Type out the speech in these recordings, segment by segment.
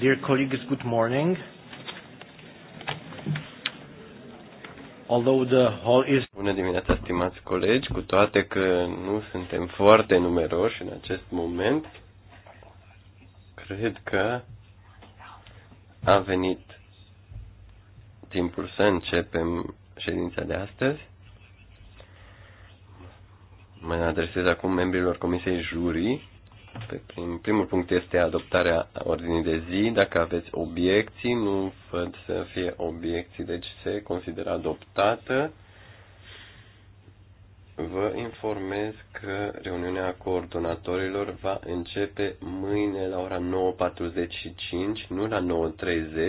Dear colleagues, good morning. Although the hall is... Bună dimineața, stimați colegi, cu toate că nu suntem foarte numeroși în acest moment, cred că a venit timpul să începem ședința de astăzi. Mă adresez acum membrilor Comisiei Jurii Prim, primul punct este adoptarea ordinii de zi. Dacă aveți obiecții, nu văd să fie obiecții, deci se consideră adoptată. Vă informez că reuniunea coordonatorilor va începe mâine la ora 9.45, nu la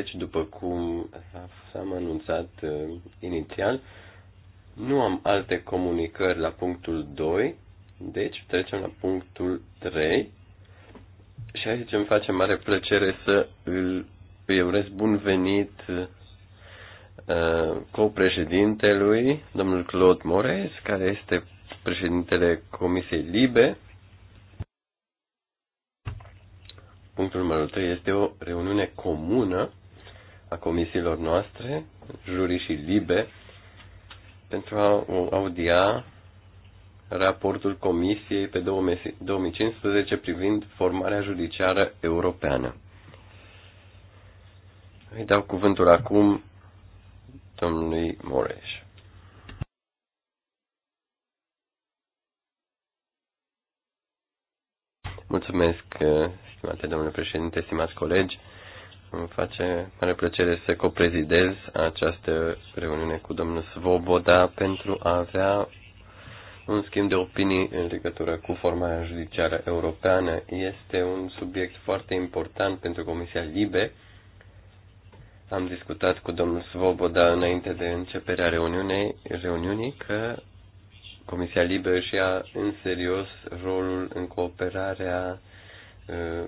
9.30, după cum am anunțat uh, inițial. Nu am alte comunicări la punctul 2, deci trecem la punctul 3. Și aici îmi face mare plăcere să îl, îi urez bun venit uh, co-președintelui, domnul Claude Mores, care este președintele Comisiei Libe. Punctul numărul 3 este o reuniune comună a comisiilor noastre, jurii și libe, pentru a audia raportul Comisiei pe 2015 privind formarea judiciară europeană. Îi dau cuvântul acum domnului Moreș. Mulțumesc, stimate domnule președinte, stimați colegi. Îmi face mare plăcere să coprezidez această reuniune cu domnul Svoboda pentru a avea un schimb de opinii în legătură cu formarea judiciară europeană. Este un subiect foarte important pentru Comisia Libe. Am discutat cu domnul Svoboda înainte de începerea reuniunii, reuniunii că Comisia Libe își ia în serios rolul în cooperarea uh,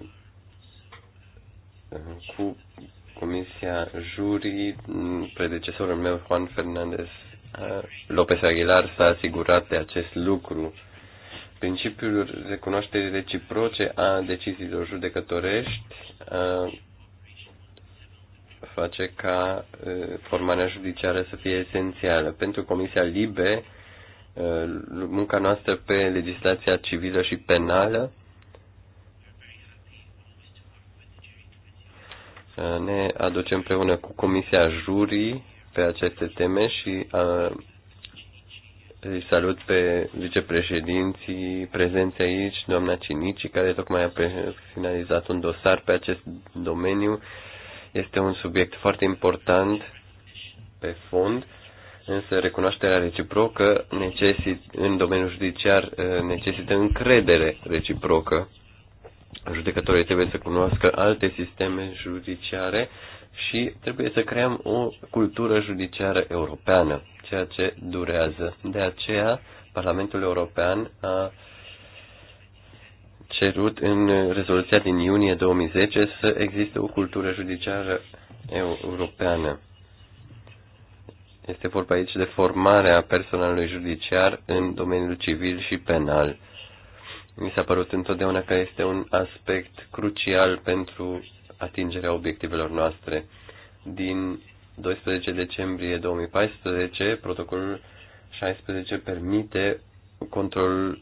uh, cu Comisia Jurii, predecesorul meu Juan Fernandez Uh, Lopez Aguilar s-a asigurat de acest lucru. Principiul recunoașterii reciproce a deciziilor judecătorești uh, face ca uh, formarea judiciară să fie esențială. Pentru Comisia Libe, munca noastră pe legislația civilă și penală ne aducem împreună cu Comisia Jurii pe aceste teme și a, îi salut pe vicepreședinții prezenți aici, doamna Cinici, care tocmai a finalizat un dosar pe acest domeniu. Este un subiect foarte important pe fond, însă recunoașterea reciprocă necesit, în domeniul judiciar necesită încredere reciprocă. Judecătorii trebuie să cunoască alte sisteme judiciare și trebuie să creăm o cultură judiciară europeană, ceea ce durează. De aceea, Parlamentul European a cerut în rezoluția din iunie 2010 să existe o cultură judiciară europeană. Este vorba aici de formarea personalului judiciar în domeniul civil și penal. Mi s-a părut întotdeauna că este un aspect crucial pentru atingerea obiectivelor noastre. Din 12 decembrie 2014, protocolul 16 permite controlul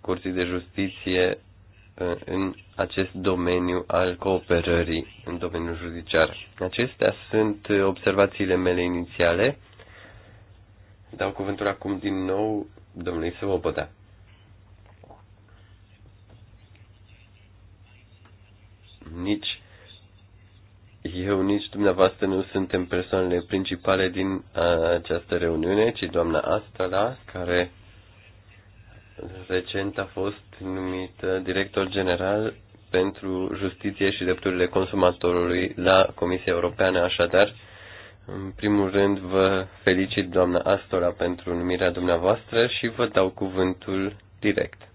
Curții de Justiție uh, în acest domeniu al cooperării în domeniul judiciar. Acestea sunt uh, observațiile mele inițiale. Dau cuvântul acum din nou domnului Svoboda. Nici eu nici dumneavoastră nu suntem persoanele principale din această reuniune, ci doamna Astala, care recent a fost numită director general pentru justiție și drepturile consumatorului la Comisia Europeană. Așadar, în primul rând vă felicit doamna Astora pentru numirea dumneavoastră și vă dau cuvântul direct.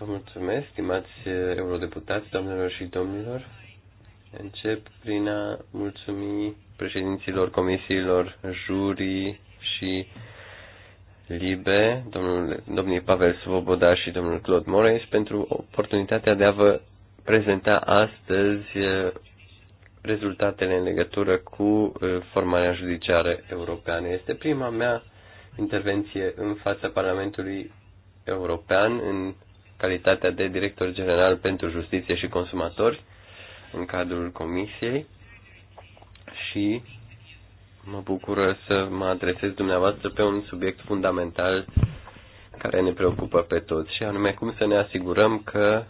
Vă mulțumesc, stimați eh, eurodeputați, doamnelor și domnilor. Încep prin a mulțumi președinților comisiilor jurii și libe, domnul, domnii Pavel Svoboda și domnul Claude Moraes, pentru oportunitatea de a vă prezenta astăzi eh, rezultatele în legătură cu eh, formarea judiciară europeană. Este prima mea intervenție în fața Parlamentului European în calitatea de director general pentru justiție și consumatori în cadrul comisiei și mă bucură să mă adresez dumneavoastră pe un subiect fundamental care ne preocupă pe toți și anume cum să ne asigurăm că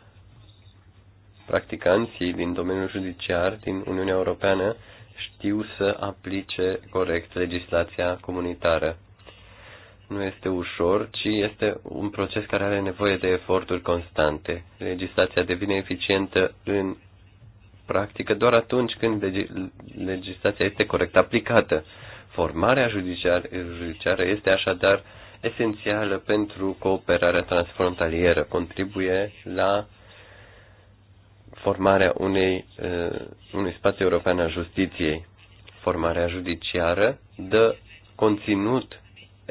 practicanții din domeniul judiciar din Uniunea Europeană știu să aplice corect legislația comunitară nu este ușor, ci este un proces care are nevoie de eforturi constante. Legislația devine eficientă în practică doar atunci când legislația este corect aplicată. Formarea judiciară este așadar esențială pentru cooperarea transfrontalieră. Contribuie la formarea unei, uh, unui spațiu european al justiției. Formarea judiciară dă conținut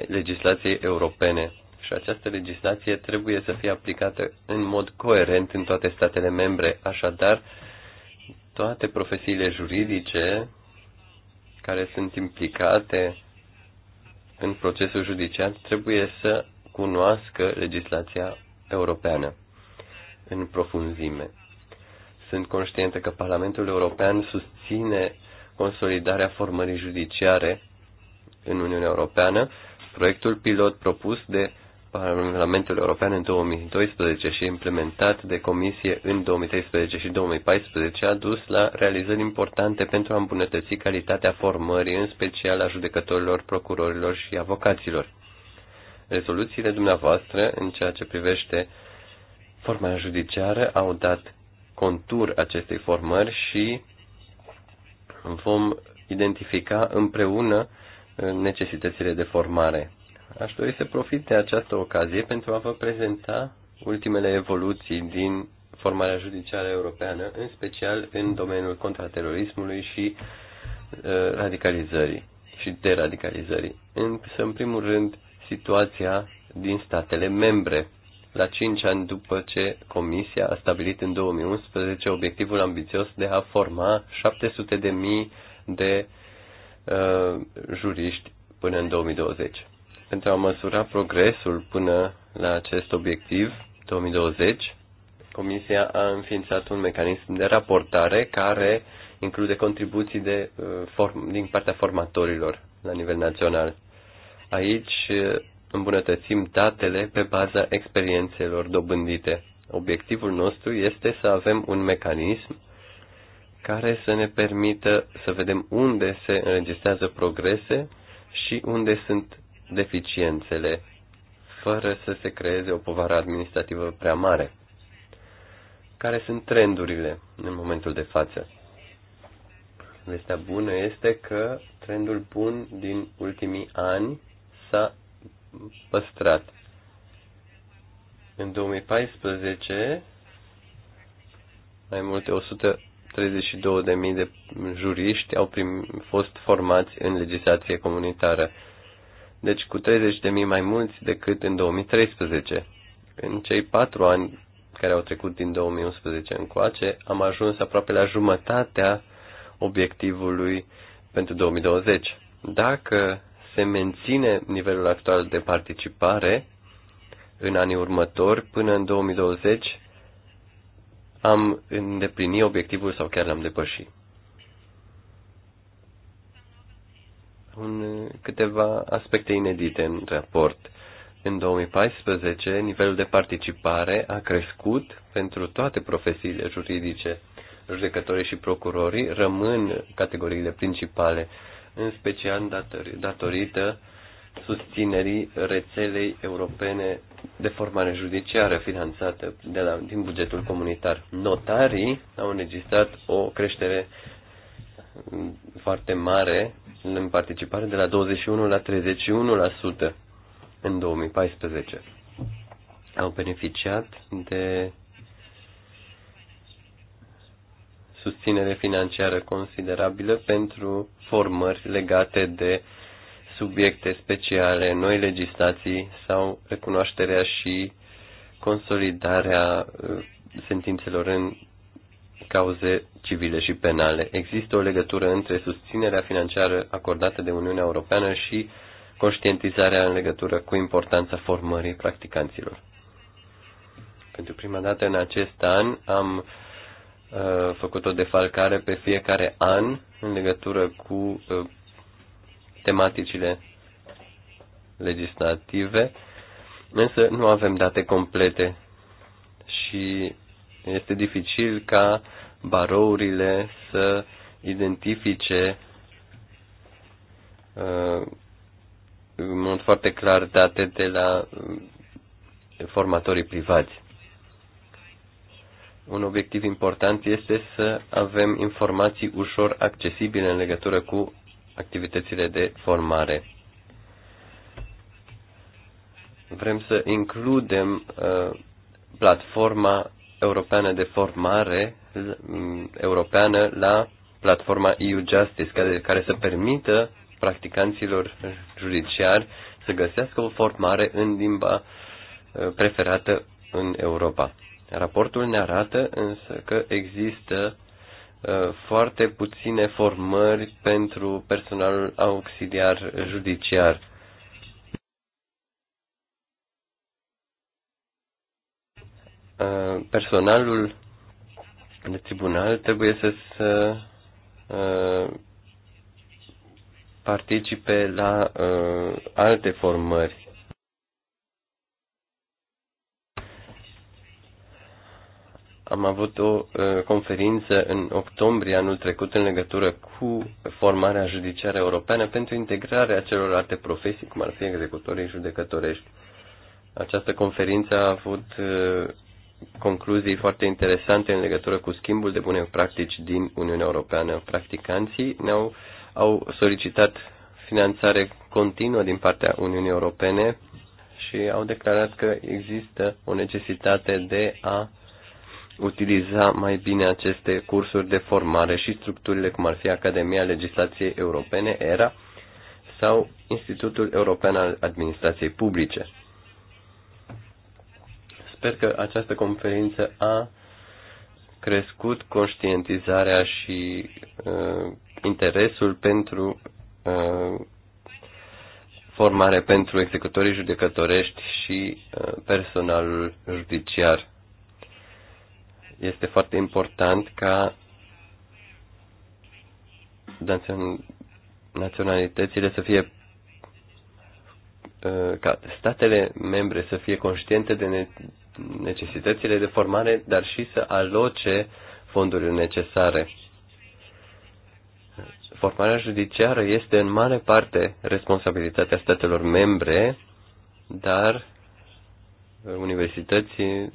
legislației europene și această legislație trebuie să fie aplicată în mod coerent în toate statele membre. Așadar, toate profesiile juridice care sunt implicate în procesul judiciar trebuie să cunoască legislația europeană în profunzime. Sunt conștientă că Parlamentul European susține consolidarea formării judiciare în Uniunea Europeană Proiectul pilot propus de Parlamentul European în 2012 și implementat de Comisie în 2013 și 2014 a dus la realizări importante pentru a îmbunătăți calitatea formării, în special a judecătorilor, procurorilor și avocaților. Rezoluțiile dumneavoastră în ceea ce privește forma judiciară au dat contur acestei formări și vom identifica împreună uh, necesitățile de formare. Aș dori să profit de această ocazie pentru a vă prezenta ultimele evoluții din formarea judiciară europeană, în special în domeniul contraterorismului și uh, radicalizării și deradicalizării. Însă, în primul rând, situația din statele membre. La 5 ani după ce Comisia a stabilit în 2011 obiectivul ambițios de a forma 700.000 de Uh, juriști până în 2020. Pentru a măsura progresul până la acest obiectiv, 2020, Comisia a înființat un mecanism de raportare care include contribuții de, uh, form, din partea formatorilor la nivel național. Aici uh, îmbunătățim datele pe baza experiențelor dobândite. Obiectivul nostru este să avem un mecanism care să ne permită să vedem unde se înregistrează progrese și unde sunt deficiențele, fără să se creeze o povară administrativă prea mare. Care sunt trendurile în momentul de față? Vestea bună este că trendul bun din ultimii ani s-a păstrat. În 2014, mai multe 100 32.000 de juriști au prim, fost formați în legislație comunitară, deci cu 30.000 mai mulți decât în 2013. În cei patru ani care au trecut din 2011 încoace, am ajuns aproape la jumătatea obiectivului pentru 2020. Dacă se menține nivelul actual de participare în anii următori, până în 2020 am îndeplini obiectivul sau chiar l-am depășit. Un, câteva aspecte inedite în raport. În 2014, nivelul de participare a crescut pentru toate profesiile juridice. Judecătorii și procurorii rămân categoriile principale, în special datorită uh, susținerii rețelei europene de formare judiciară finanțată de la, din bugetul comunitar. Notarii au înregistrat o creștere mm, foarte mare în participare de la 21 la 31% în 2014. Au beneficiat de susținere financiară considerabilă pentru formări legate de uh, subiecte speciale, noi legislații sau recunoașterea și consolidarea uh, sentințelor în cauze civile și penale. Există o legătură între susținerea financiară acordată de Uniunea Europeană și conștientizarea în legătură cu importanța formării practicanților. Pentru prima dată în acest an am uh, făcut o defalcare pe fiecare an în legătură cu uh, tematicile legislative, însă nu avem date complete și este dificil ca barourile să identifice uh, în mod foarte clar date de la uh, formatorii privați. Un obiectiv important este să avem informații ușor accesibile în legătură cu activitățile de formare. Vrem să includem uh, platforma europeană de formare mm, europeană la platforma EU Justice, care, care să permită practicanților judiciari să găsească o formare în limba uh, preferată în Europa. Raportul ne arată însă că există Uh, foarte puține formări pentru personalul auxiliar judiciar. Uh, personalul de tribunal trebuie să, să uh, participe la alte formări. Am avut o conferință în octombrie anul trecut în legătură cu formarea judiciară europeană pentru integrarea celor alte profesii, cum ar fi executorii judecătorești. Această conferință a avut concluzii foarte interesante în legătură cu schimbul de bune practici din Uniunea Europeană. Practicanții ne-au au solicitat finanțare continuă din partea Uniunii Europene și au declarat că există o necesitate de a utiliza mai bine aceste cursuri de formare și structurile cum ar fi Academia Legislației Europene, ERA, sau Institutul European al Administrației Publice. Sper că această conferință a crescut conștientizarea și uh, interesul pentru uh, formare pentru executorii judecătorești și uh, personalul judiciar este foarte important ca naționalitățile să fie uh, ca statele membre să fie conștiente de necesitățile de formare, dar și să aloce fondurile necesare. Formarea judiciară este în mare parte responsabilitatea statelor membre, dar universității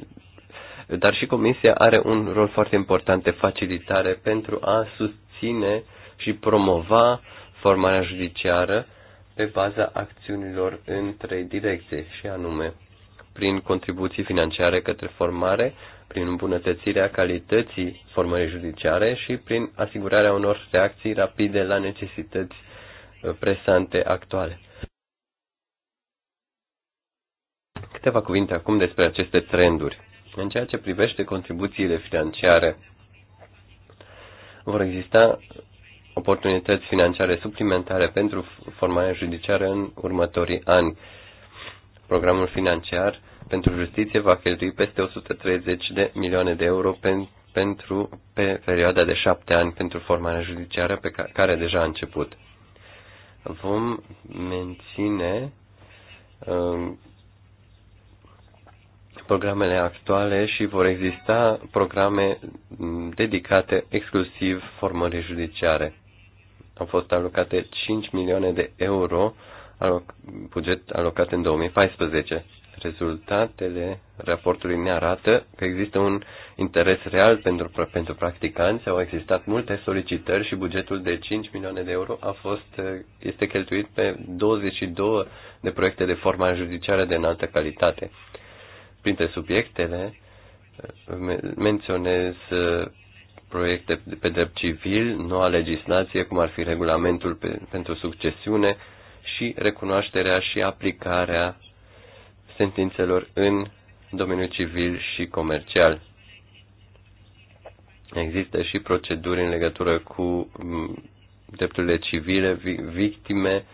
dar și Comisia are un rol foarte important de facilitare pentru a susține și promova formarea judiciară pe baza acțiunilor în trei direcții, și anume prin contribuții financiare către formare, prin îmbunătățirea calității formării judiciare și prin asigurarea unor reacții rapide la necesități uh, presante actuale. Câteva cuvinte acum despre aceste trenduri. În ceea ce privește contribuțiile financiare, vor exista oportunități financiare suplimentare pentru formarea judiciară în următorii ani. Programul financiar pentru justiție va cheltui peste 130 de milioane de euro pe, pentru, pe perioada de șapte ani pentru formarea judiciară pe care, care deja a început. Vom menține um, programele actuale și vor exista programe dedicate exclusiv formării judiciare. Au fost alocate 5 milioane de euro aloc, buget alocat în 2014. Rezultatele raportului ne arată că există un interes real pentru, pentru practicanți, au existat multe solicitări și bugetul de 5 milioane de euro a fost, este cheltuit pe 22 de proiecte de formare judiciară de înaltă calitate printre subiectele menționez uh, proiecte pe drept civil, noua legislație, cum ar fi regulamentul pe, pentru succesiune și recunoașterea și aplicarea sentințelor în domeniul civil și comercial. Există și proceduri în legătură cu mm, drepturile civile, victime,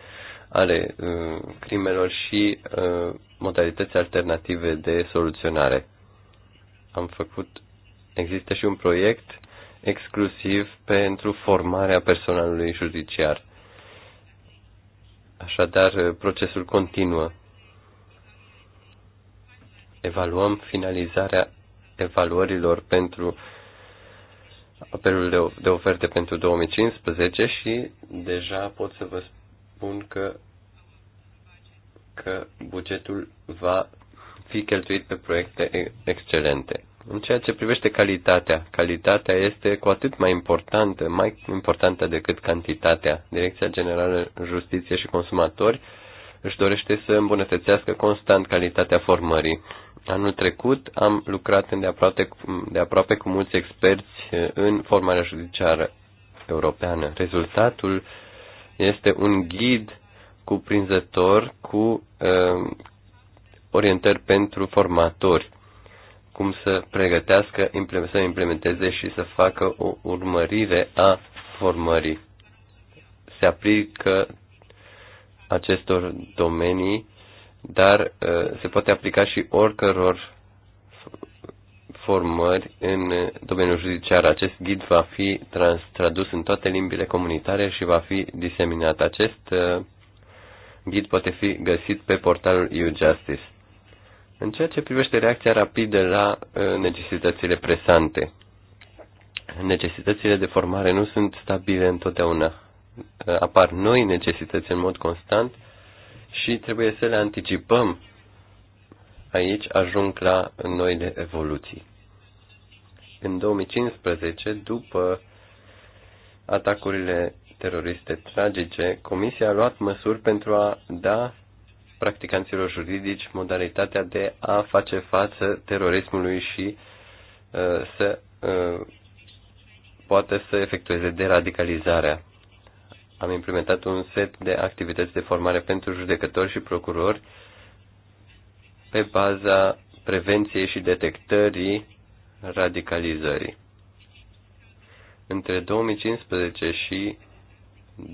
ale uh, crimelor și uh, modalități alternative de soluționare. Am făcut, există și un proiect exclusiv pentru formarea personalului judiciar. Așadar, uh, procesul continuă. Evaluăm finalizarea evaluărilor pentru apelul de oferte pentru 2015 și deja pot să vă spun că, că bugetul va fi cheltuit pe proiecte excelente. În ceea ce privește calitatea, calitatea este cu atât mai importantă, mai importantă decât cantitatea. Direcția Generală Justiție și Consumatori își dorește să îmbunătățească constant calitatea formării. Anul trecut am lucrat de aproape, de aproape cu mulți experți în formarea judiciară europeană. Rezultatul este un ghid cuprinzător cu uh, orientări pentru formatori, cum să pregătească, să implementeze și să facă o urmărire a formării. Se aplică acestor domenii, dar uh, se poate aplica și oricăror formări în domeniul judiciar. Acest ghid va fi trans, tradus în toate limbile comunitare și va fi diseminat. Acest uh, ghid poate fi găsit pe portalul EU-Justice. În ceea ce privește reacția rapidă la uh, necesitățile presante, necesitățile de formare nu sunt stabile întotdeauna. Uh, apar noi necesități în mod constant și trebuie să le anticipăm aici ajung la noile evoluții în 2015, după atacurile teroriste tragice, Comisia a luat măsuri pentru a da practicanților juridici modalitatea de a face față terorismului și uh, să uh, poate să efectueze deradicalizarea. Am implementat un set de activități de formare pentru judecători și procurori pe baza prevenției și detectării radicalizării. Între 2015 și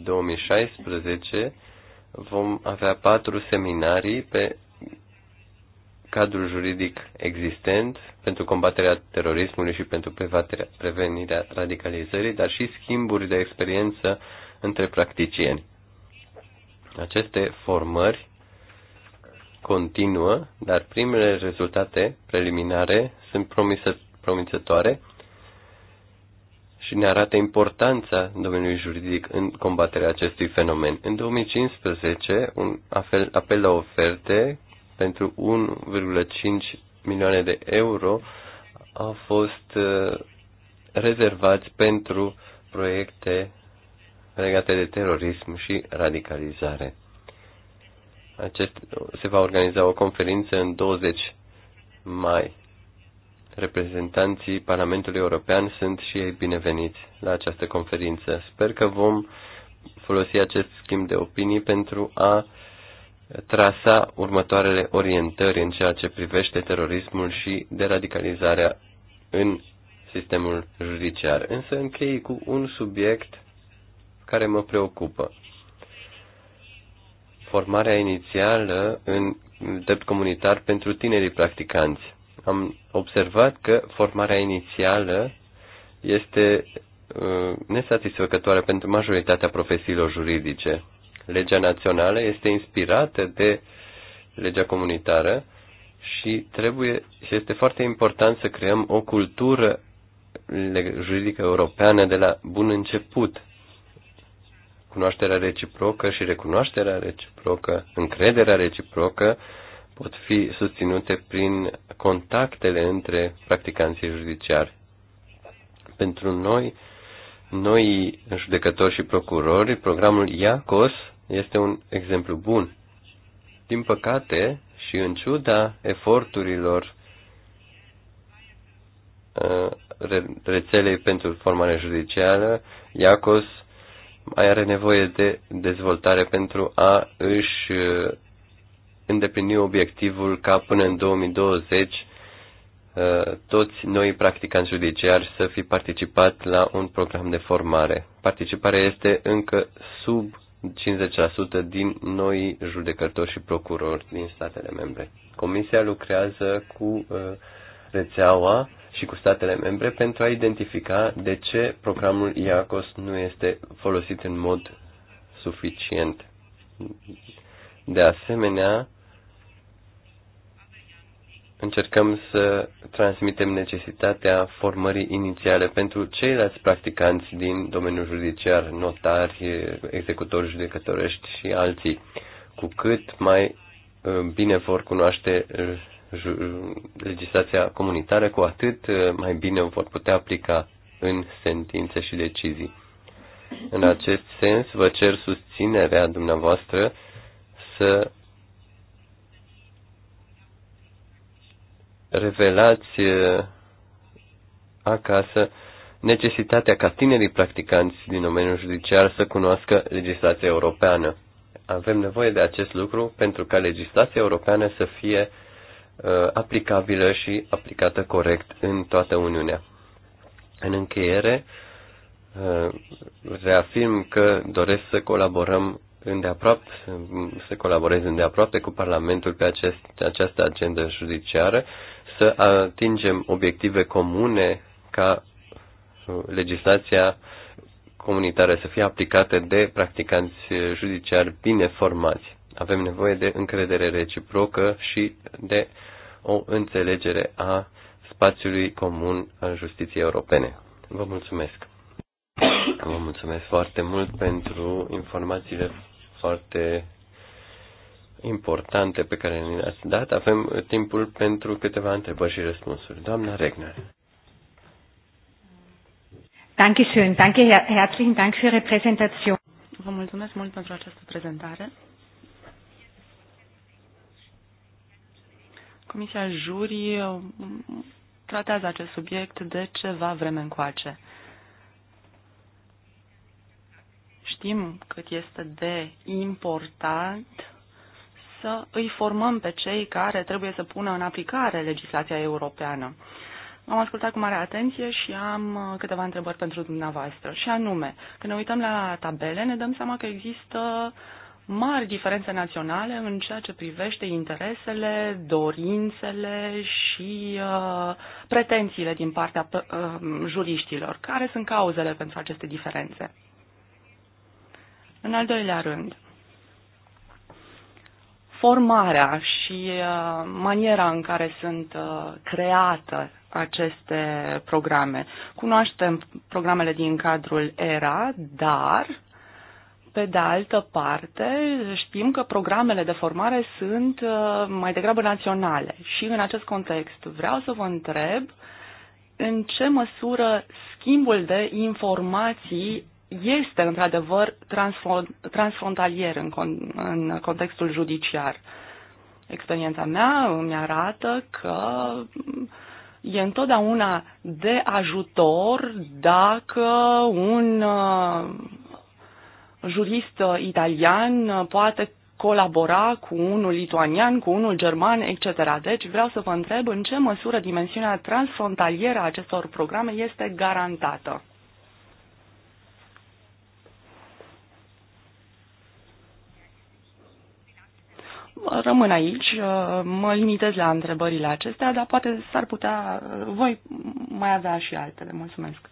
2016 vom avea patru seminarii pe cadrul juridic existent pentru combaterea terorismului și pentru prevenirea radicalizării, dar și schimburi de experiență între practicieni. Aceste formări continuă, dar primele rezultate preliminare sunt promisătoare promițătoare și ne arată importanța domeniului juridic în combaterea acestui fenomen. În 2015, un apel, apel la oferte pentru 1,5 milioane de euro au fost uh, rezervați pentru proiecte legate de terorism și radicalizare. Acest, se va organiza o conferință în 20 mai reprezentanții Parlamentului European sunt și ei bineveniți la această conferință. Sper că vom folosi acest schimb de opinii pentru a trasa următoarele orientări în ceea ce privește terorismul și deradicalizarea în sistemul judiciar. Însă închei cu un subiect care mă preocupă. Formarea inițială în drept comunitar pentru tinerii practicanți am observat că formarea inițială este uh, nesatisfăcătoare pentru majoritatea profesiilor juridice. Legea națională este inspirată de legea comunitară și trebuie și este foarte important să creăm o cultură juridică europeană de la bun început. Cunoașterea reciprocă și recunoașterea reciprocă, încrederea reciprocă pot fi susținute prin contactele între practicanții judiciari. Pentru noi, noi judecători și procurori, programul IACOS este un exemplu bun. Din păcate, și în ciuda eforturilor uh, rețelei pentru formare judiciară, IACOS mai are nevoie de dezvoltare pentru a își uh, îndeplini obiectivul ca până în 2020 uh, toți noi practicanți judiciari să fi participat la un program de formare. Participarea este încă sub 50% din noi judecători și procurori din statele membre. Comisia lucrează cu uh, rețeaua și cu statele membre pentru a identifica de ce programul IACOS nu este folosit în mod suficient. De asemenea, încercăm să transmitem necesitatea formării inițiale pentru ceilalți practicanți din domeniul judiciar, notari, executori judecătorești și alții. Cu cât mai uh, bine vor cunoaște uh, legislația comunitară, cu atât uh, mai bine o vor putea aplica în sentințe și decizii. În acest sens, vă cer susținerea dumneavoastră să revelați uh, acasă necesitatea ca tinerii practicanți din domeniul judiciar să cunoască legislația europeană. Avem nevoie de acest lucru pentru ca legislația europeană să fie uh, aplicabilă și aplicată corect în toată Uniunea. În încheiere, uh, reafirm că doresc să colaborăm îndeaproape, să colaborez îndeaproape cu Parlamentul pe acest, această agendă judiciară să atingem obiective comune ca uh, legislația comunitară să fie aplicată de practicanți judiciari bine formați. Avem nevoie de încredere reciprocă și de o înțelegere a spațiului comun al justiției europene. Vă mulțumesc! Vă mulțumesc foarte mult pentru informațiile foarte importante pe care ne ați dat. Avem timpul pentru câteva întrebări și răspunsuri. Doamna Regner. Dankeschön, danke, herzlichen Dank für Ihre Präsentation. Vă mulțumesc mult pentru această prezentare. Comisia Jurii um, tratează acest subiect de ceva vreme încoace. Știm cât este de important să îi formăm pe cei care trebuie să pună în aplicare legislația europeană. Am ascultat cu mare atenție și am uh, câteva întrebări pentru dumneavoastră. Și anume, când ne uităm la tabele, ne dăm seama că există mari diferențe naționale în ceea ce privește interesele, dorințele și uh, pretențiile din partea uh, juriștilor. Care sunt cauzele pentru aceste diferențe? În al doilea rând, formarea și uh, maniera în care sunt uh, create aceste programe. Cunoaștem programele din cadrul ERA, dar pe de altă parte, știm că programele de formare sunt uh, mai degrabă naționale și în acest context vreau să vă întreb în ce măsură schimbul de informații este într-adevăr transfrontalier în, con- în contextul judiciar. Experiența mea îmi arată că e întotdeauna de ajutor dacă un uh, jurist italian poate colabora cu unul lituanian, cu unul german, etc. Deci vreau să vă întreb în ce măsură dimensiunea transfrontalieră a acestor programe este garantată. rămân aici, uh, mă limitez la întrebările acestea, dar poate s-ar putea, uh, voi mai avea și altele. Mulțumesc.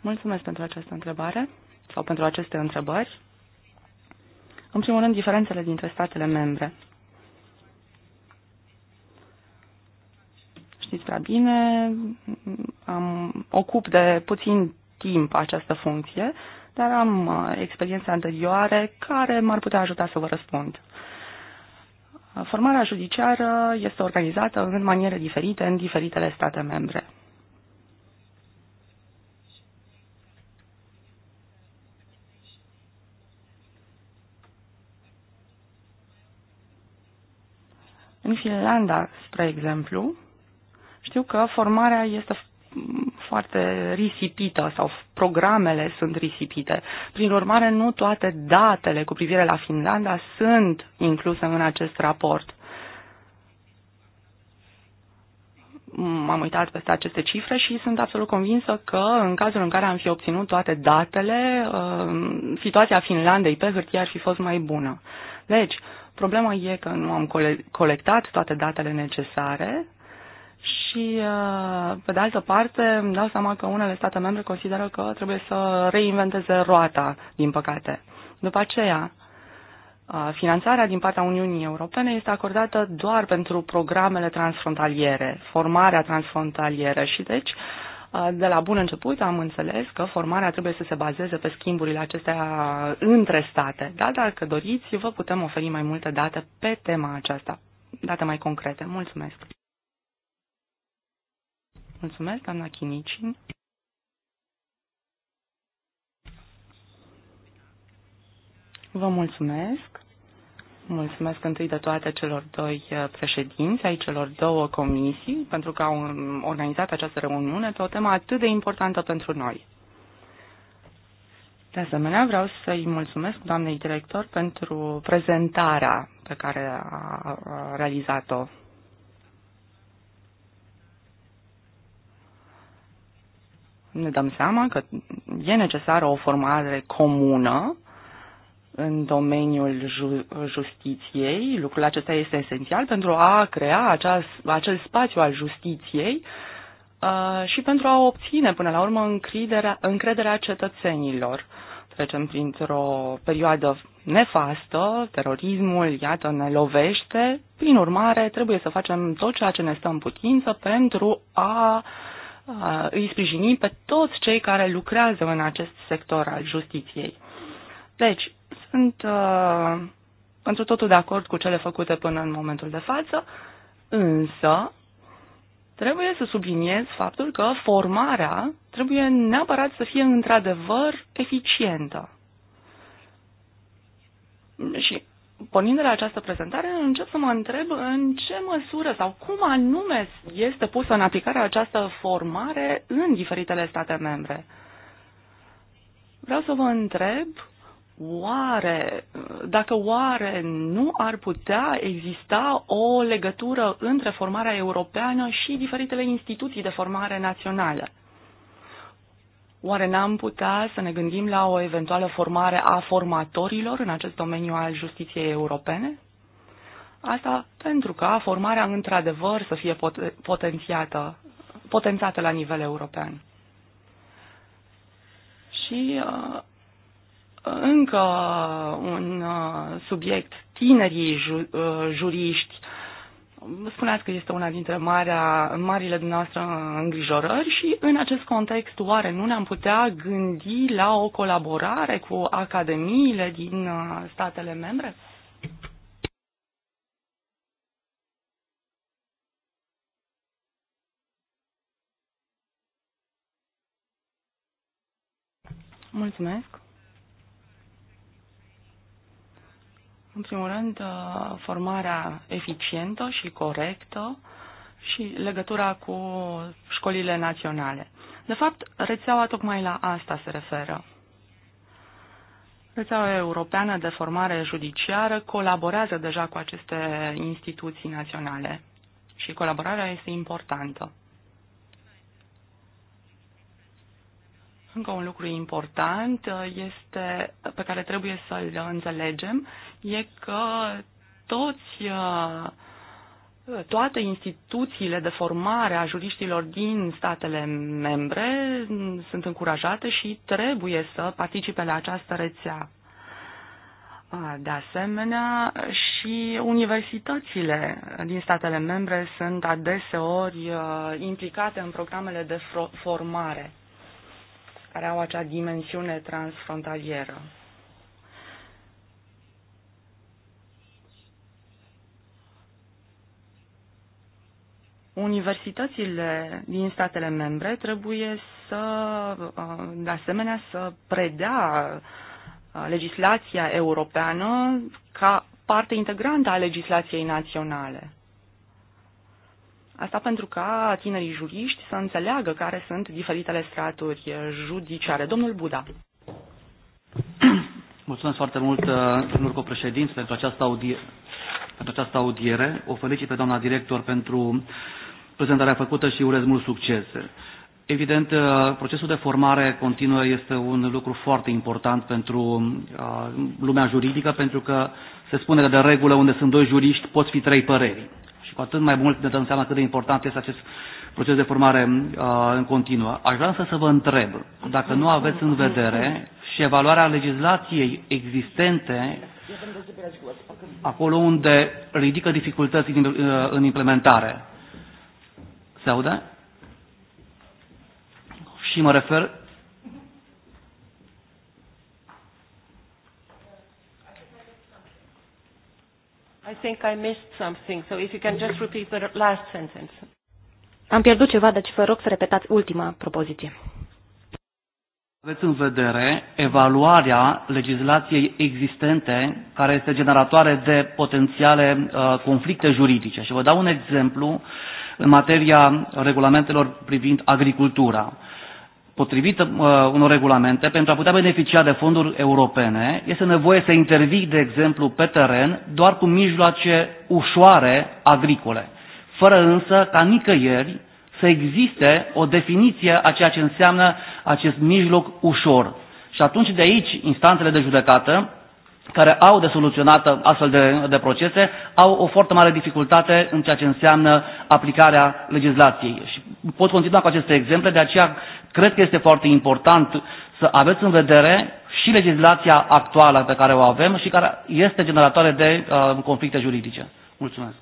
Mulțumesc pentru această întrebare sau pentru aceste întrebări. În primul rând, diferențele dintre statele membre. Știți prea bine, am, ocup de puțin timp această funcție, dar am uh, experiențe anterioare care m-ar putea ajuta să vă răspund. Formarea judiciară este organizată în maniere diferite în diferitele state membre. În Finlanda, spre exemplu, știu că formarea este foarte risipită sau programele sunt risipite. Prin urmare, nu toate datele cu privire la Finlanda sunt incluse în acest raport. M-am uitat peste aceste cifre și sunt absolut convinsă că în cazul în care am fi obținut toate datele, uh, situația Finlandei pe hârtie ar fi fost mai bună. Deci, problema e că nu am colectat toate datele necesare, și, uh, pe de altă parte, îmi dau seama că unele state membre consideră că trebuie să reinventeze roata, din păcate. După aceea, uh, Finanțarea din partea Uniunii Europene este acordată doar pentru programele transfrontaliere, formarea transfrontalieră și deci uh, de la bun început am înțeles că formarea trebuie să se bazeze pe schimburile acestea între state. Da, dacă doriți, vă putem oferi mai multe date pe tema aceasta, date mai concrete. Mulțumesc! Mulțumesc, doamna Chinici. Vă mulțumesc. Mulțumesc întâi de toate celor doi uh, președinți ai celor două comisii pentru că au organizat această reuniune pe o temă atât de importantă pentru noi. De asemenea, vreau să-i mulțumesc doamnei director pentru prezentarea pe care a realizat-o ne dăm seama că e necesară o formare comună în domeniul ju- justiției. Lucrul acesta este esențial pentru a crea acea, acel spațiu al justiției uh, și pentru a obține până la urmă încrederea, încrederea cetățenilor. Trecem printr-o perioadă nefastă, terorismul, iată, ne lovește, prin urmare trebuie să facem tot ceea ce ne stă în putință pentru a uh, Uh, îi sprijini pe toți cei care lucrează în acest sector al justiției. Deci, sunt uh, într totul de acord cu cele făcute până în momentul de față, însă trebuie să subliniez faptul că formarea trebuie neapărat să fie într-adevăr eficientă. Și pornind de la această prezentare, încep să mă întreb în ce măsură sau cum anume este pusă în aplicare această formare în diferitele state membre. Vreau să vă întreb oare, dacă oare nu ar putea exista o legătură între formarea europeană și diferitele instituții de formare naționale. Oare n-am putea să ne gândim la o eventuală formare a formatorilor în acest domeniu al justiției europene? Asta pentru ca formarea într-adevăr să fie pot- potențiată, potențată la nivel european. Și uh, încă un uh, subiect, tinerii ju- uh, juriști spuneați că este una dintre marea, marile dumneavoastră îngrijorări și în acest context oare nu ne-am putea gândi la o colaborare cu academiile din uh, statele membre? Mulțumesc. În primul rând, uh, formarea eficientă și corectă și legătura cu școlile naționale. De fapt, rețeaua tocmai la asta se referă. Rețeaua europeană de formare judiciară colaborează deja cu aceste instituții naționale și colaborarea este importantă. Încă un lucru important uh, este, pe care trebuie să-l înțelegem e că toți, uh, toate instituțiile de formare a juriștilor din statele membre sunt încurajate și trebuie să participe la această rețea. Uh, de asemenea, și universitățile din statele membre sunt adeseori implicate în programele de formare care au acea dimensiune transfrontalieră. Universitățile din statele membre trebuie să, de asemenea, să predea legislația europeană ca parte integrantă a legislației naționale. Asta pentru ca tinerii juriști să înțeleagă care sunt diferitele straturi judiciare. Domnul Buda. Mulțumesc foarte mult, uh, domnul copreședinț, pentru această, audie, pentru această audiere. O felicit pe doamna director pentru prezentarea făcută și urez mult succes. Evident, uh, procesul de formare continuă este un lucru foarte important pentru uh, lumea juridică, pentru că se spune că de regulă unde sunt doi juriști pot fi trei păreri și cu atât mai mult ne dăm seama cât de important este acest proces de formare uh, în continuă. Aș vrea să vă întreb dacă nu aveți în vedere și evaluarea legislației existente acolo unde ridică dificultăți în uh, implementare. Se aude? Și mă refer I think I missed something, so if you can just repeat the last sentence. Am pierdut ceva, deci vă rog să repetați ultima propoziție. Aveți în vedere evaluarea legislației existente care este generatoare de potențiale uh, conflicte juridice. Și vă dau un exemplu în materia regulamentelor privind agricultura. Uh, potrivit uh, unor regulamente, pentru a putea beneficia de fonduri europene, este nevoie să intervii, de exemplu, pe teren, doar cu mijloace ușoare agricole, fără însă ca nicăieri să existe o definiție a ceea ce înseamnă acest mijloc ușor. Și atunci de aici instanțele de judecată care au de soluționat astfel de, de procese au o foarte mare dificultate în ceea ce înseamnă aplicarea legislației. Și pot continua cu aceste exemple, de aceea cred că este foarte important să aveți în vedere și legislația actuală pe care o avem și care este generatoare de uh, conflicte juridice. Mulțumesc!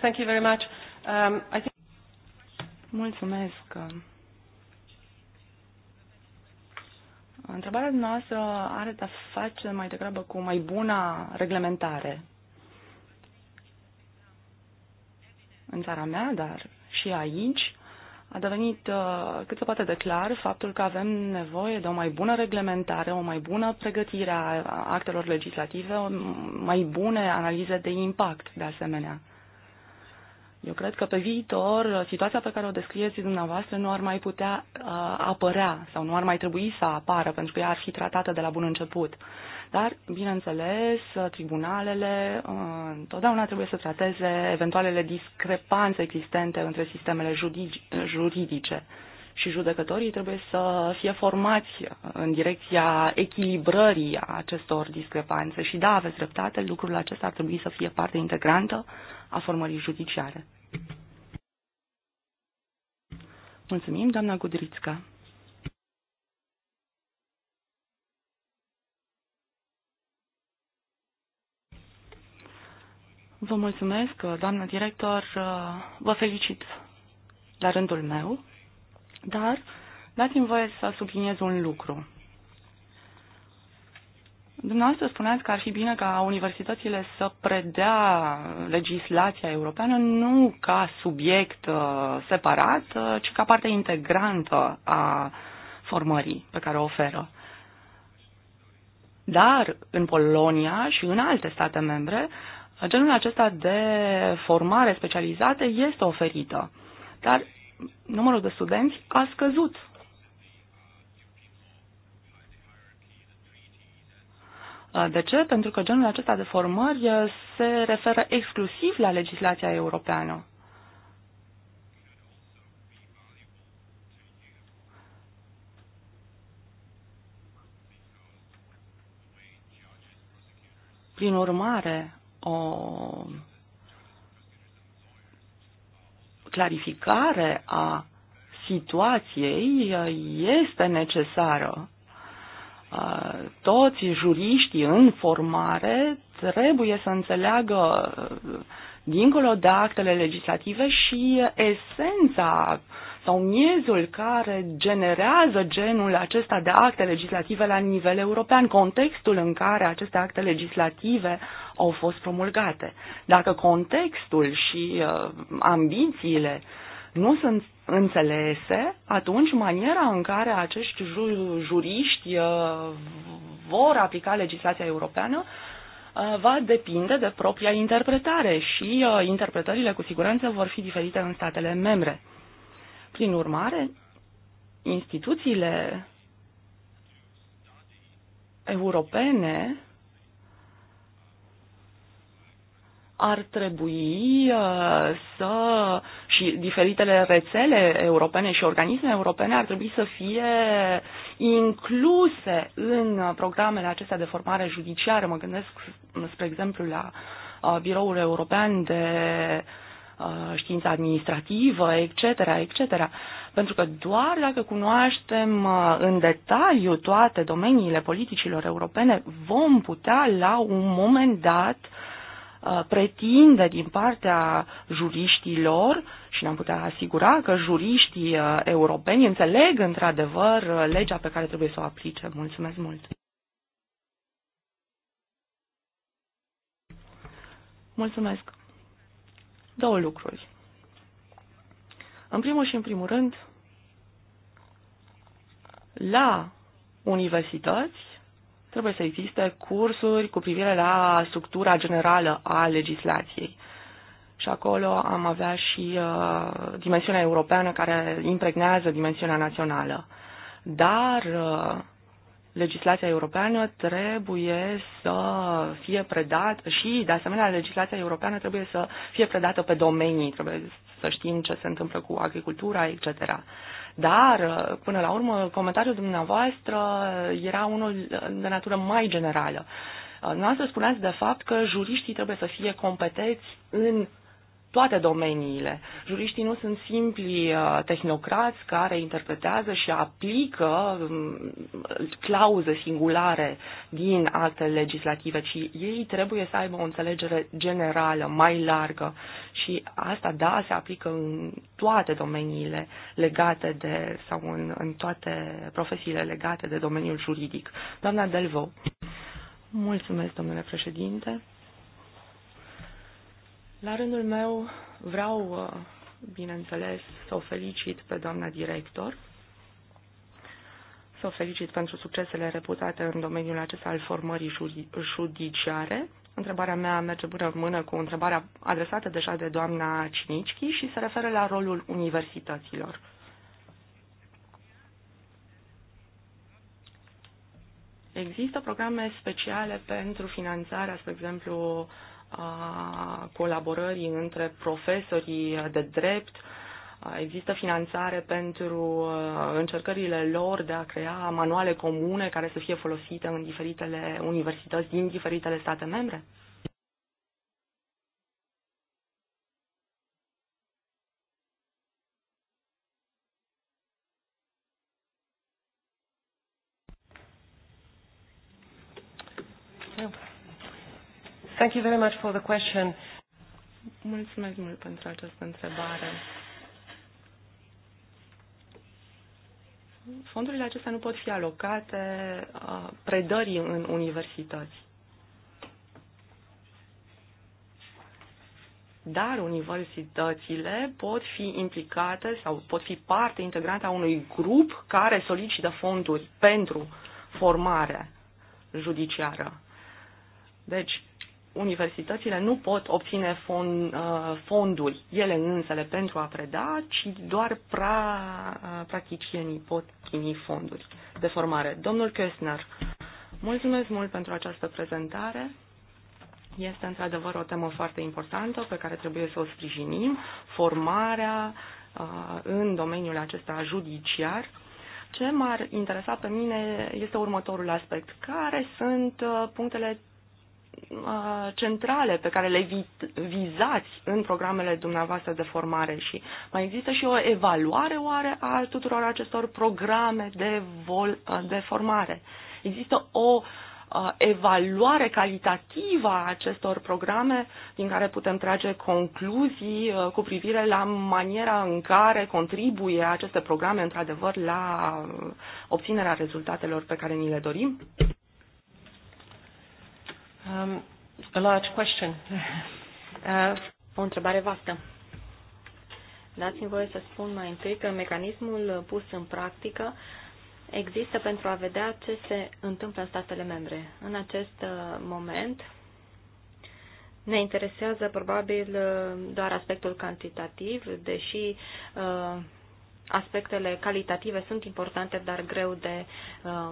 Thank you very much. Um, I think Mulțumesc. Întrebarea noastră are de-a face mai degrabă cu mai bună reglementare în țara mea, dar și aici, a devenit uh, cât se poate de clar faptul că avem nevoie de o mai bună reglementare, o mai bună pregătire a actelor legislative, o um, mai bune analize de impact, de asemenea. Eu cred că pe viitor situația pe care o descrieți dumneavoastră nu ar mai putea uh, apărea sau nu ar mai trebui să apară pentru că ea ar fi tratată de la bun început. Dar, bineînțeles, tribunalele uh, întotdeauna trebuie să trateze eventualele discrepanțe existente între sistemele juridice și judecătorii trebuie să fie formați în direcția echilibrării acestor discrepanțe. Și da, aveți dreptate, lucrul acesta ar trebui să fie parte integrantă a formării judiciare. Mulțumim, doamna Gudrițca. Vă mulțumesc, doamnă director. Vă felicit la rândul meu dar dați-mi voie să subliniez un lucru. Dumneavoastră spuneați că ar fi bine ca universitățile să predea legislația europeană nu ca subiect uh, separat, uh, ci ca parte integrantă a formării pe care o oferă. Dar în Polonia și în alte state membre, genul acesta de formare specializată este oferită. Dar numărul de studenți a scăzut. De ce? Pentru că genul acesta de formări se referă exclusiv la legislația europeană. Prin urmare, o clarificare a situației uh, este necesară. Uh, toți juriștii în formare trebuie să înțeleagă uh, dincolo de actele legislative și esența uh, sau miezul care generează genul acesta de acte legislative la nivel european, contextul în care aceste acte legislative au fost promulgate. Dacă contextul și uh, ambițiile nu sunt înțelese, atunci maniera în care acești ju- juriști uh, vor aplica legislația europeană uh, va depinde de propria interpretare și uh, interpretările cu siguranță vor fi diferite în statele membre. Prin urmare, instituțiile europene ar trebui uh, să și diferitele rețele europene și organisme europene ar trebui să fie incluse în programele acestea de formare judiciară. Mă gândesc, spre exemplu, la uh, Biroul European de uh, Uh, știința administrativă, etc., etc. Pentru că doar dacă cunoaștem uh, în detaliu toate domeniile politicilor europene, vom putea la un moment dat uh, pretinde din partea juriștilor și ne-am putea asigura că juriștii europeni înțeleg într-adevăr legea pe care trebuie să o aplice. Mulțumesc mult! Mulțumesc! două lucruri. În primul și în primul rând, la universități trebuie să existe cursuri cu privire la structura generală a legislației. Și acolo am avea și uh, dimensiunea europeană care impregnează dimensiunea națională. Dar uh, legislația europeană trebuie să fie predată și, de asemenea, legislația europeană trebuie să fie predată pe domenii, trebuie să știm ce se întâmplă cu agricultura, etc. Dar, până la urmă, comentariul dumneavoastră era unul de natură mai generală. Noastră spuneați, de fapt, că juriștii trebuie să fie competenți în toate domeniile. Juriștii nu sunt simpli uh, tehnocrați care interpretează și aplică um, clauze singulare din alte legislative, ci ei trebuie să aibă o înțelegere generală, mai largă și asta, da, se aplică în toate domeniile legate de, sau în, în toate profesiile legate de domeniul juridic. Doamna Delvo. Mulțumesc, domnule președinte. La rândul meu vreau, uh, bineînțeles, să o felicit pe doamna director, să o felicit pentru succesele reputate în domeniul acesta al formării judiciare. Întrebarea mea merge până în mână cu întrebarea adresată deja de doamna Cinicchi și se referă la rolul universităților. Există programe speciale pentru finanțarea, spre exemplu, uh, a colaborării între profesorii de drept. Există finanțare pentru uh, încercările lor de a crea manuale comune care să fie folosite în diferitele universități din diferitele state membre? Thank you very much for the question. Mulțumesc mult pentru această întrebare. Fondurile acestea nu pot fi alocate uh, predării în universități. Dar universitățile pot fi implicate sau pot fi parte integrantă a unui grup care solicită fonduri pentru formare judiciară. Deci, universitățile nu pot obține fond, uh, fonduri ele însele pentru a preda, ci doar pra, uh, practicienii pot primi fonduri de formare. Domnul Köstner, mulțumesc mult pentru această prezentare. Este într-adevăr o temă foarte importantă pe care trebuie să o sprijinim, formarea uh, în domeniul acesta judiciar ce m-ar interesa pe mine este următorul aspect. Care sunt punctele centrale pe care le vizați în programele dumneavoastră de formare și mai există și o evaluare oare a tuturor acestor programe de, vol, de formare. Există o evaluare calitativă a acestor programe din care putem trage concluzii cu privire la maniera în care contribuie aceste programe într-adevăr la obținerea rezultatelor pe care ni le dorim? Um, a large question. uh, o întrebare vastă. Dați-mi voie să spun mai întâi că mecanismul pus în practică există pentru a vedea ce se întâmplă în statele membre. În acest uh, moment ne interesează probabil uh, doar aspectul cantitativ, deși uh, aspectele calitative sunt importante, dar greu de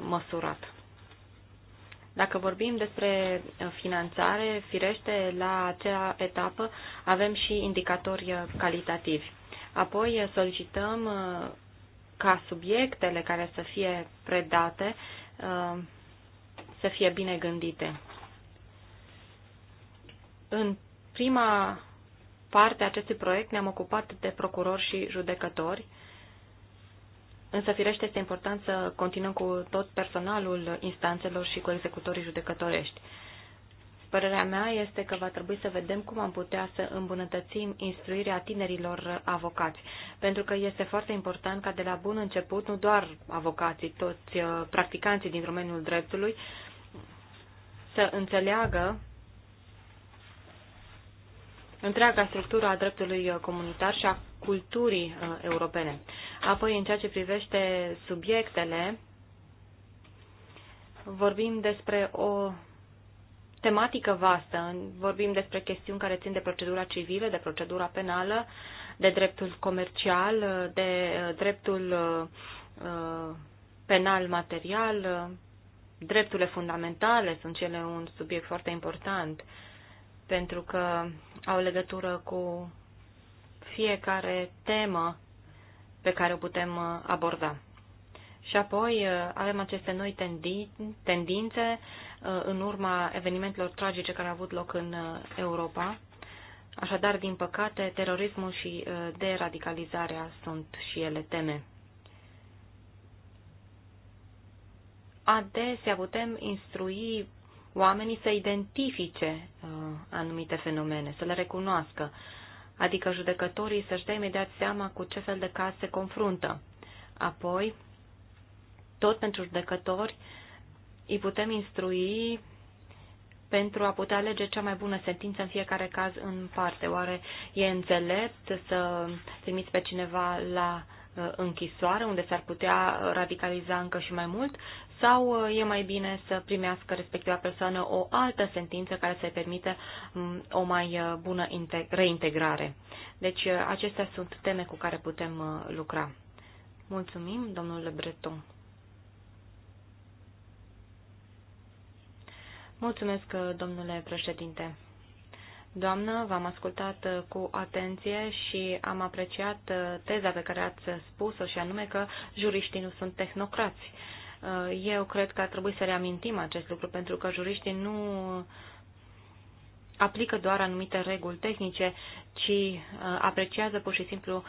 măsurat. Dacă vorbim despre uh, finanțare, firește, la acea etapă avem și indicatori uh, calitativi. Apoi uh, solicităm ca subiectele care să fie predate să fie bine gândite. În prima parte a acestui proiect ne-am ocupat de procurori și judecători Însă, firește, este important să continuăm cu tot personalul instanțelor și cu executorii judecătorești. Părerea mea este că va trebui să vedem cum am putea să îmbunătățim instruirea tinerilor avocați, pentru că este foarte important ca de la bun început nu doar avocații, toți uh, practicanții din domeniul dreptului să înțeleagă întreaga structură a dreptului uh, comunitar și a culturii uh, europene. Apoi, în ceea ce privește subiectele, vorbim despre o tematică vastă. Vorbim despre chestiuni care țin de procedura civilă, de procedura penală, de dreptul comercial, de uh, dreptul uh, penal material, drepturile fundamentale sunt cele un subiect foarte important pentru că au legătură cu fiecare temă pe care o putem uh, aborda. Și apoi uh, avem aceste noi tendințe uh, în urma evenimentelor tragice care au avut loc în Europa. Așadar, din păcate, terorismul și deradicalizarea sunt și ele teme. Adesea putem instrui oamenii să identifice anumite fenomene, să le recunoască adică judecătorii să-și dea imediat seama cu ce fel de caz se confruntă. Apoi, tot pentru judecători, îi putem instrui pentru a putea alege cea mai bună sentință în fiecare caz în parte. Oare e înțelept să trimiți pe cineva la uh, închisoare, unde s-ar putea radicaliza încă și mai mult, sau uh, e mai bine să primească respectiva persoană o altă sentință care să-i permită mm, o mai uh, bună reintegrare. Deci uh, acestea sunt teme cu care putem lucra. Mulțumim, domnule Breton. Mulțumesc, domnule președinte. Doamnă, v-am ascultat uh, cu atenție și am apreciat uh, teza pe care ați spus-o și anume că juriștii nu sunt tehnocrați. Uh, eu cred că ar trebui să reamintim acest lucru pentru că juriștii nu aplică doar anumite reguli tehnice, ci apreciază pur și simplu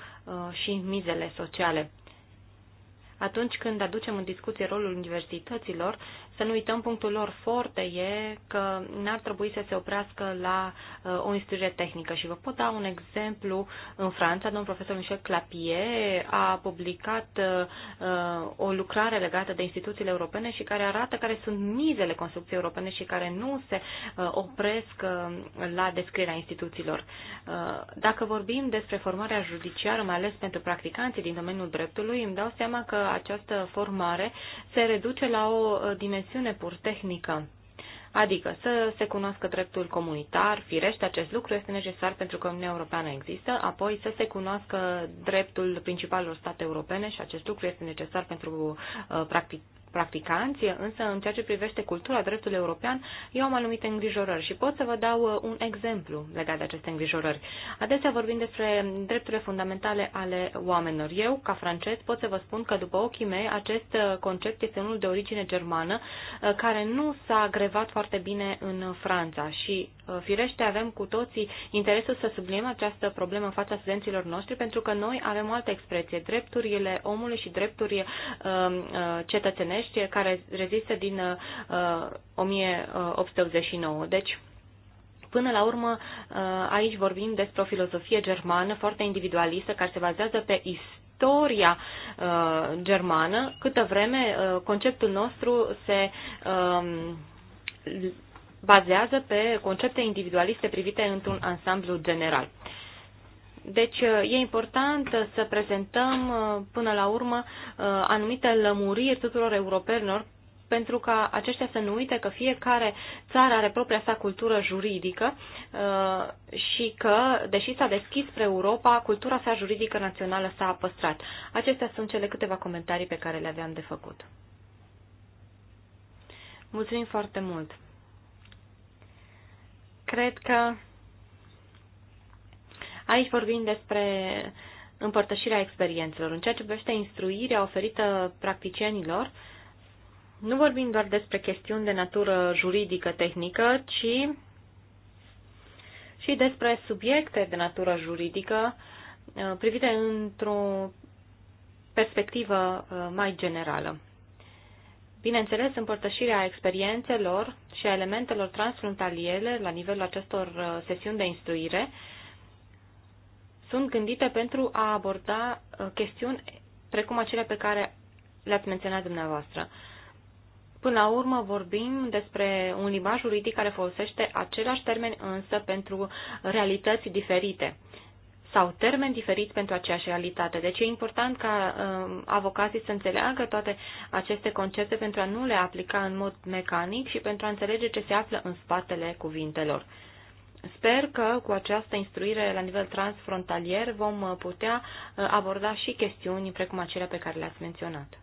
și mizele sociale. Atunci când aducem în discuție rolul universităților, să nu uităm, punctul lor forte e că n-ar trebui să se oprească la uh, o instituție tehnică. Și vă pot da un exemplu. În Franța, domnul profesor Michel Clapier a publicat uh, uh, o lucrare legată de instituțiile europene și care arată care sunt mizele construcției europene și care nu se uh, opresc uh, la descrierea instituțiilor. Uh, dacă vorbim despre formarea judiciară, mai ales pentru practicanții din domeniul dreptului, îmi dau seama că această formare se reduce la o uh, dimensiune dimensiune pur tehnică. Adică să se cunoască dreptul comunitar, firește, acest lucru este necesar pentru că Uniunea Europeană există, apoi să se cunoască dreptul principalelor state europene și acest lucru este necesar pentru uh, practic, practicanți, însă în ceea ce privește cultura, dreptului european, eu am anumite îngrijorări și pot să vă dau uh, un exemplu legat de aceste îngrijorări. Adesea vorbim despre drepturile fundamentale ale oamenilor. Eu, ca francez, pot să vă spun că după ochii mei acest uh, concept este unul de origine germană uh, care nu s-a grevat foarte bine în Franța și Uh, firește, avem cu toții interesul să subliniem această problemă în fața studenților noștri, pentru că noi avem o altă expresie, drepturile omului și drepturi um, uh, cetățenești care rezistă din 1889. Uh, deci, Până la urmă, aici vorbim despre o filozofie germană foarte individualistă care se bazează pe istoria germană, câtă vreme conceptul nostru se um, bazează pe concepte individualiste privite într-un ansamblu general. Deci uh, e important să prezentăm uh, până la urmă uh, anumite lămuriri tuturor europenilor pentru ca aceștia să nu uite că fiecare țară are propria sa cultură juridică și că, deși s-a deschis spre Europa, cultura sa juridică națională s-a păstrat. Acestea sunt cele câteva comentarii pe care le aveam de făcut. Mulțumim foarte mult! Cred că aici vorbim despre împărtășirea experiențelor. În ceea ce privește instruirea oferită practicienilor, nu vorbim doar despre chestiuni de natură juridică, tehnică, ci și despre subiecte de natură juridică uh, privite într-o perspectivă uh, mai generală. Bineînțeles, împărtășirea experiențelor și a elementelor transfrontaliere la nivelul acestor uh, sesiuni de instruire sunt gândite pentru a aborda uh, chestiuni precum acelea pe care le-ați menționat dumneavoastră. Până la urmă vorbim despre un limbaj juridic care folosește același termen însă pentru realități diferite sau termen diferit pentru aceeași realitate. Deci e important ca uh, avocații să înțeleagă toate aceste concepte pentru a nu le aplica în mod mecanic și pentru a înțelege ce se află în spatele cuvintelor. Sper că cu această instruire la nivel transfrontalier vom uh, putea uh, aborda și chestiuni precum acelea pe care le-ați menționat.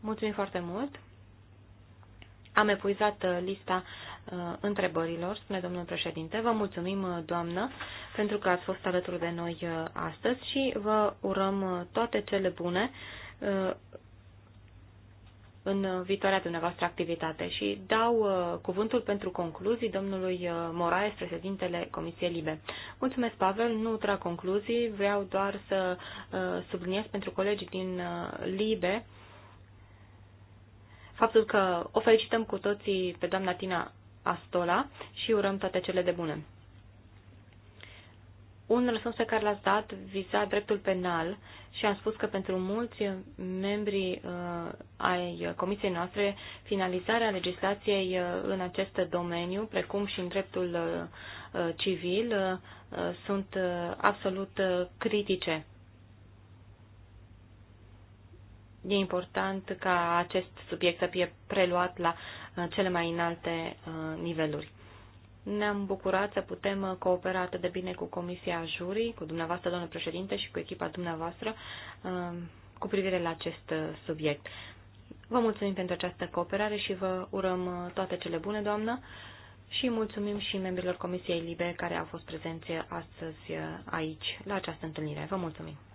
Mulțumim foarte mult! Am epuizat uh, lista Uh, întrebărilor, spune domnul președinte. Vă mulțumim, uh, doamnă, pentru că ați fost alături de noi uh, astăzi și vă urăm toate cele bune în viitoarea dumneavoastră activitate și dau cuvântul pentru concluzii domnului Moraes, președintele Comisiei Libe. Mulțumesc, Pavel, nu trag concluzii, vreau doar să subliniez pentru colegii din Libe faptul că o felicităm cu toții pe doamna Tina Astola și urăm toate cele de bune. Un răspuns pe care l-ați dat viza dreptul penal și am spus că pentru mulți membri uh, ai comisiei noastre, finalizarea legislației uh, în acest domeniu, precum și în dreptul uh, uh civil, uh, uh, sunt uh, absolut uh, critice. E important ca acest subiect să fie preluat la cele mai înalte uh, niveluri. Ne-am bucurat să putem uh, coopera atât de bine cu Comisia Jurii, cu dumneavoastră, domnule președinte, și cu echipa dumneavoastră uh, cu privire la acest subiect. Vă mulțumim pentru această cooperare și vă urăm toate cele bune, doamnă, și mulțumim și membrilor Comisiei Libe care au fost prezenți astăzi aici, la această întâlnire. Vă mulțumim!